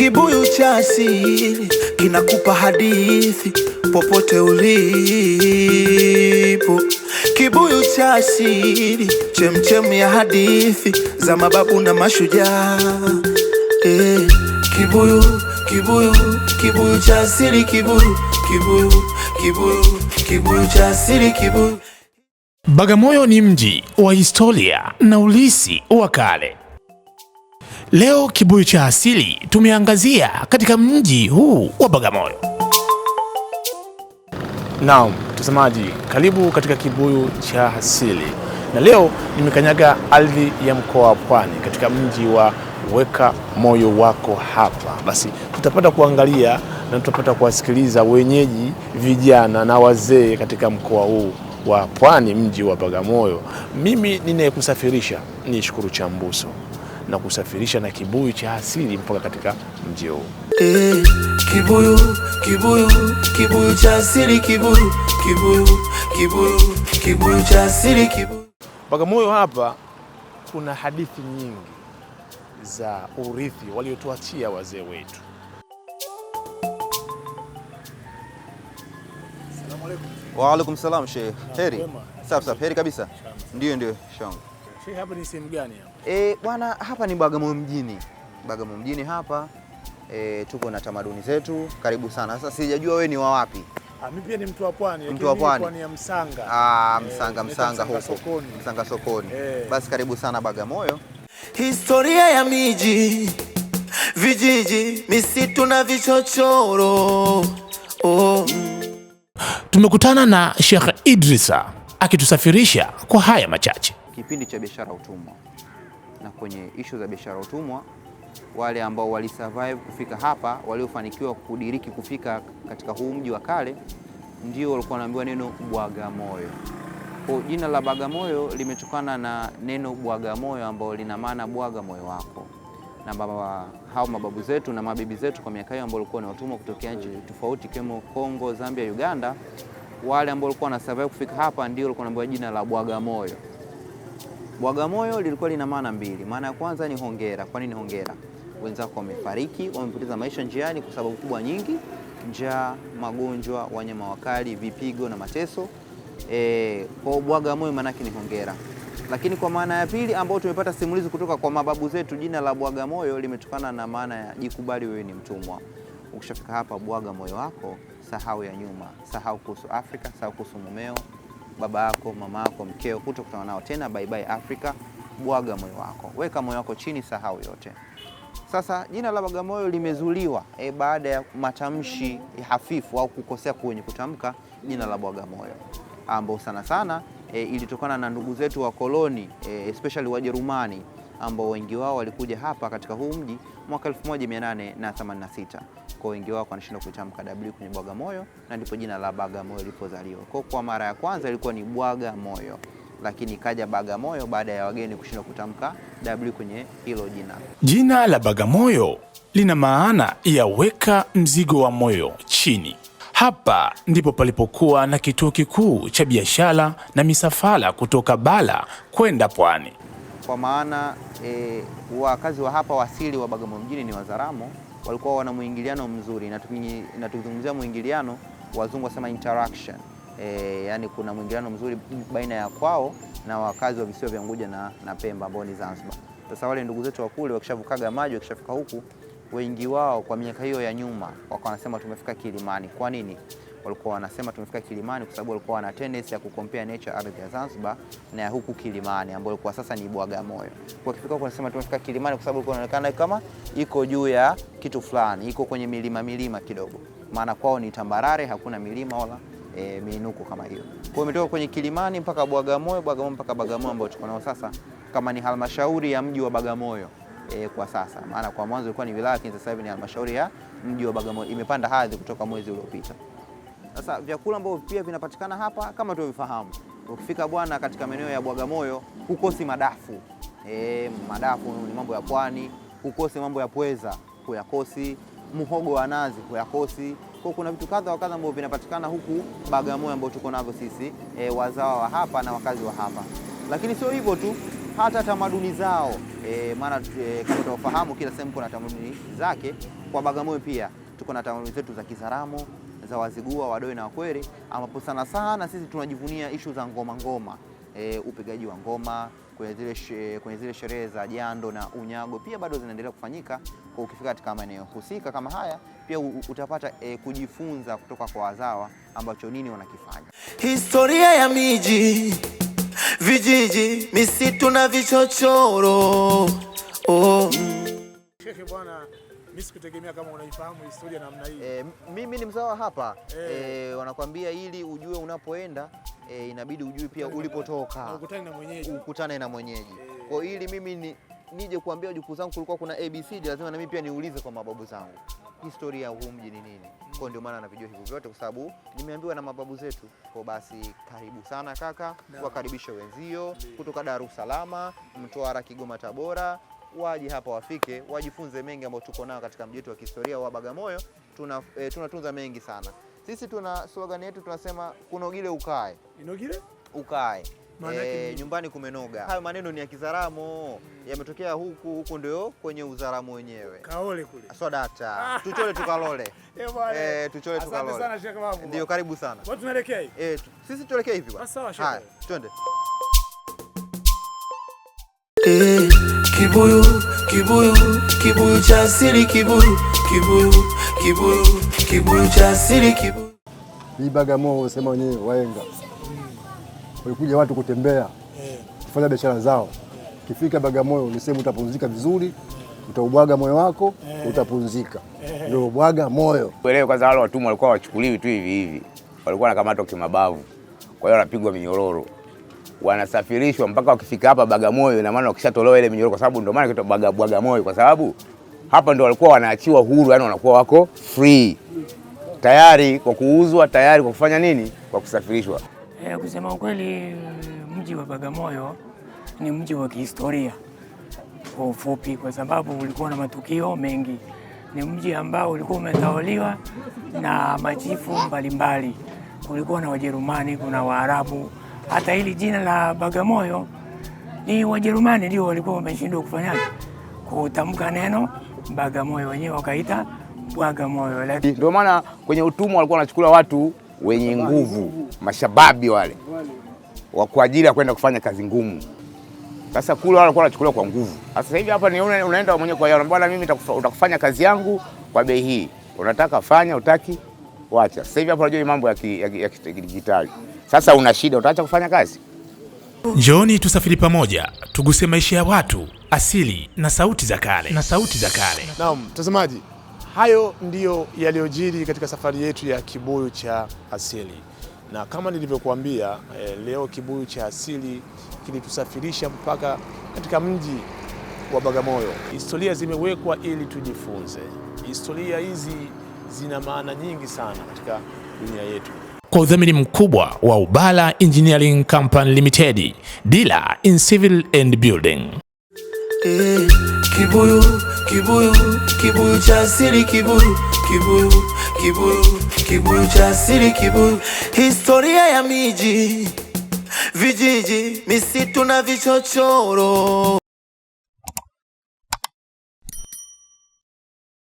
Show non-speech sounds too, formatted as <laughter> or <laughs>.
Kibuyu cha asili kinakupa hadithi popote ulipo. Kibuyu cha asili, chemchem ya hadithi za mababu na mashujaa eh. Kibuyu, kibuyu, kibuyu cha asili, kibuyu, kibuyu, kibuyu, kibuyu cha asili, kibuyu. Bagamoyo ni mji wa historia na ulisi wa kale. Leo Kibuyu cha Asili tumeangazia katika mji huu wa Bagamoyo. Naam, mtazamaji, karibu katika Kibuyu cha Asili, na leo nimekanyaga ardhi ya mkoa wa Pwani katika mji wa Weka Moyo Wako Hapa. Basi tutapata kuangalia na tutapata kuwasikiliza wenyeji, vijana na wazee katika mkoa huu wa Pwani, mji wa Bagamoyo. Mimi ninayekusafirisha ni Shukuru Chambuso na kusafirisha na kibuyu cha asili mpaka katika mji huu. Hey, eh, kibuyu, kibuyu, kibuyu cha asili, kibuyu, kibuyu, kibuyu, kibuyu cha asili, kibuyu. Bagamoyo hapa kuna hadithi nyingi za urithi waliotuachia wazee wetu. Wa alaikum salam Sheikh. Heri. Safi safi, heri kabisa. Ndio ndio, shangu. Sheikh, hapa ni sehemu gani hapa? Eh, bwana hapa ni Bagamoyo mjini. Bagamoyo mjini hapa e, tuko na tamaduni zetu. Karibu sana. Sasa sijajua wewe ni wa wapi? Ah, mimi pia ni mtu wa pwani. Mtu wa pwani ya Msanga. Ah, eh, Msanga, Msanga huko. Sokoni. Msanga sokoni. E. Basi karibu sana Bagamoyo. Historia ya miji, vijiji, misitu na vichochoro. Oh. Tumekutana na Sheikh Idrisa akitusafirisha kwa haya machache kipindi cha biashara utumwa, na kwenye ishu za biashara utumwa wale ambao walisurvive kufika hapa, waliofanikiwa kudiriki kufika katika huu mji wa kale, ndio walikuwa wanaambiwa neno Bwagamoyo. Kwa jina la Bagamoyo limetokana na neno Bwagamoyo ambao lina maana bwaga moyo wako, na baba hao mababu zetu na mabibi zetu kwa miaka hiyo ambao walikuwa ni watumwa kutokea nchi tofauti kama Kongo, Zambia, Uganda, wale ambao walikuwa survive kufika hapa ndio walikuwa wanaambiwa jina la Bwagamoyo. Bwagamoyo lilikuwa lina maana mbili. Maana ya kwanza ni hongera. Kwa nini hongera? Wenzako wamefariki, wamepoteza maisha njiani kwa sababu kubwa nyingi: njaa, magonjwa, wanyama wakali, vipigo na mateso. E, kwa moyo maanake ni hongera. Lakini kwa maana ya pili ambayo tumepata simulizi kutoka kwa mababu zetu, jina la bwaga moyo limetokana na maana ya jikubali, wewe ni mtumwa. Ukishafika hapa, bwaga moyo wako, sahau ya nyuma, sahau kuhusu Afrika, sahau kuhusu mumeo baba yako, mama yako, mkeo, hutakutana nao tena. Bye bye Afrika, Bwaga moyo wako, weka moyo wako chini, sahau yote. Sasa jina la Bagamoyo limezuliwa e, baada ya matamshi hafifu au kukosea kwenye kutamka jina la Bagamoyo ambao sana sana e, ilitokana na ndugu zetu wa koloni e, especially Wajerumani ambao wengi wao walikuja hapa katika huu mji mwaka 1886. Kwa wengi wao wanashindwa kutamka W kwenye Bagamoyo, na ndipo jina la Bagamoyo lilipozaliwa. Kwa kwa mara ya kwanza ilikuwa ni bwaga moyo lakini ikaja Bagamoyo baada ya wageni kushindwa kutamka W kwenye hilo jina. Jina la Bagamoyo lina maana ya weka mzigo wa moyo chini. Hapa ndipo palipokuwa na kituo kikuu cha biashara na misafara kutoka bara kwenda pwani kwa maana e, wakazi wa hapa wasili wa Bagamoyo mjini ni Wazaramo, walikuwa wana mwingiliano mzuri, na tukizungumzia mwingiliano, wazungu wasema interaction e, yani kuna mwingiliano mzuri baina ya kwao na wakazi wa visiwa vya Unguja na, na Pemba ambao ni Zanzibar. Sasa wale ndugu zetu wa kule wakishavukaga maji wakishafika huku, wengi wao kwa miaka hiyo ya nyuma wakawa wanasema tumefika Kilimani. Kwa nini? walikuwa wanasema tumefika Kilimani kwa sababu walikuwa wana tendency ya kukompea nature ardhi ya Zanzibar na ya huku Kilimani ambayo kwa sasa ni Bwagamoyo. Kwa kifika huko wanasema tumefika Kilimani kwa sababu inaonekana kama iko juu ya kitu fulani, iko kwenye milima milima kidogo, maana kwao ni tambarare, hakuna milima wala e, miinuko kama hiyo. Kwa hiyo imetoka kwenye Kilimani mpaka Bwagamoyo, Bwagamoyo mpaka Bagamoyo ambao tuko nao sasa kama ni halmashauri ya mji wa Bagamoyo. E, kwa sasa maana kwa mwanzo ilikuwa ni wilaya, lakini sasa hivi ni halmashauri ya mji wa Bagamoyo, imepanda hadhi kutoka mwezi uliopita. Sasa vyakula ambavyo pia vinapatikana hapa kama tulivyofahamu, ukifika bwana, katika maeneo ya Bwagamoyo hukosi madafu e, madafu ni mambo ya pwani, hukosi mambo ya pweza huyakosi, mhogo wa nazi huyakosi. Kwa kuna vitu kadha wa kadha ambavyo vinapatikana huku Bagamoyo ambao tuko navyo sisi e, wazawa wa hapa na wakazi wa hapa, lakini sio hivyo tu hata tamaduni zao e, maana e, kama tunafahamu kila sehemu kuna tamaduni zake. Kwa Bagamoyo pia tuko na tamaduni zetu za kizaramo za Wazigua, Wadoe na Wakwere, ambapo sana sana sisi tunajivunia ishu za ngoma ngoma, e, upigaji wa ngoma kwenye zile kwenye zile sherehe za jando na unyago pia bado zinaendelea kufanyika. Kwa ukifika katika maeneo husika kama haya, pia utapata e, kujifunza kutoka kwa wazawa ambacho nini wanakifanya. Historia ya miji, vijiji, misitu na vichochoro oh. Shehe bwana mimi sikutegemea kama unaifahamu historia namna hii. E, mimi ni mzawa hapa e. E, wanakwambia ili ujue unapoenda e, inabidi ujue pia ulipotoka, ukutane na mwenyeji, ukutane na mwenyeji. E. Kwa ili mimi ni, nije kuambia jukuu zangu kulikuwa kuna ABCD, lazima na mimi pia niulize kwa mababu zangu historia ya huu mji ni nini. Mm. Kwa ndio maana anavijua hivyo vyote, kwa sababu nimeambiwa na mababu zetu. Kwa basi, karibu sana kaka, wakaribishe wenzio kutoka Dar es Salaam, Mtwara, Kigoma, Tabora waje hapa wafike wajifunze mengi ambayo tuko nayo katika mji wetu wa kihistoria wa Bagamoyo. Tuna, e, tunatunza mengi sana sisi. Tuna slogan yetu tunasema kunogile ukae, inogile ukae E, nyumbani kumenoga. Hayo maneno ni ya kizaramo hmm. yametokea huku huku, ndio kwenye uzaramo wenyewe. Kaole kule. Swadata. Uh, tuchole tukalole. <laughs> e, tuchole tukalole. Asante sana Sheikh Babu. Ndio, karibu sana. Watu tunaelekea hivi. e, sisi tuelekea hivi bwana. Ah, sawa Sheikh. Twende. Kibuyu, kibuyu, kibuyu cha asili, kibuyu, kibuyu, kibuyu, kibuyu cha asili, kibuyu. Hii Bagamoyo wasema wenyewe waenga walikuja watu kutembea kufanya biashara zao. Kifika Bagamoyo ni sehemu utapumzika vizuri, utaubwaga moyo wako, utapumzika. Ndio bwaga moyo. Uelewe kwanza, wale watumwa walikuwa wachukuliwi tu hivi hivi, walikuwa wanakamatwa kimabavu, kwa hiyo wanapigwa minyororo wanasafirishwa mpaka wakifika hapa Bagamoyo, na maana wakishatolewa ile minyororo, kwa sababu ndio maana kitu baga Bagamoyo, kwa sababu hapa ndio walikuwa wanaachiwa huru, yani wanakuwa wako free tayari kwa kuuzwa, tayari kwa kufanya nini, kwa kusafirishwa. E, kusema ukweli, mji wa Bagamoyo ni mji wa kihistoria kwa ufupi, kwa sababu ulikuwa na matukio mengi. Ni mji ambao ulikuwa umetawaliwa na machifu mbalimbali Kulikuwa na Wajerumani, kuna Waarabu hata hili jina la Bagamoyo ni Wajerumani ndio walikuwa wameshindwa kufanya kutamka neno Bagamoyo, wenyewe wakaita Bwagamoyo. Ndio maana kwenye utumwa walikuwa wanachukua watu wenye nguvu, mashababi wale kwa ajili ya kwenda kufanya kazi ngumu. Sasa kule wale walikuwa wanachukuliwa kwa nguvu. Sasa hivi hapa ni unaenda mwenyewe kwa yeye, bwana, mimi utakufanya kazi yangu kwa bei hii, unataka fanya, utaki wacha. Sasa hivi hapa unajua mambo ya kidijitali. Sasa una shida, utaacha kufanya kazi? Njoni tusafiri pamoja, tuguse maisha ya watu, asili na sauti za kale, na sauti za kale. Naam mtazamaji, hayo ndiyo yaliyojiri katika safari yetu ya kibuyu cha asili, na kama nilivyokuambia eh, leo kibuyu cha asili kilitusafirisha mpaka katika mji wa Bagamoyo. Historia zimewekwa ili tujifunze. Historia hizi zina maana nyingi sana katika dunia yetu kwa udhamini mkubwa wa Ubala Engineering Company Limited, dealer in civil and building. Eh, kibuyu, kibuyu, kibuyu cha asili, kibuyu, kibuyu, kibuyu, kibuyu cha asili, kibuyu. Historia ya miji, vijiji, misitu na vichochoro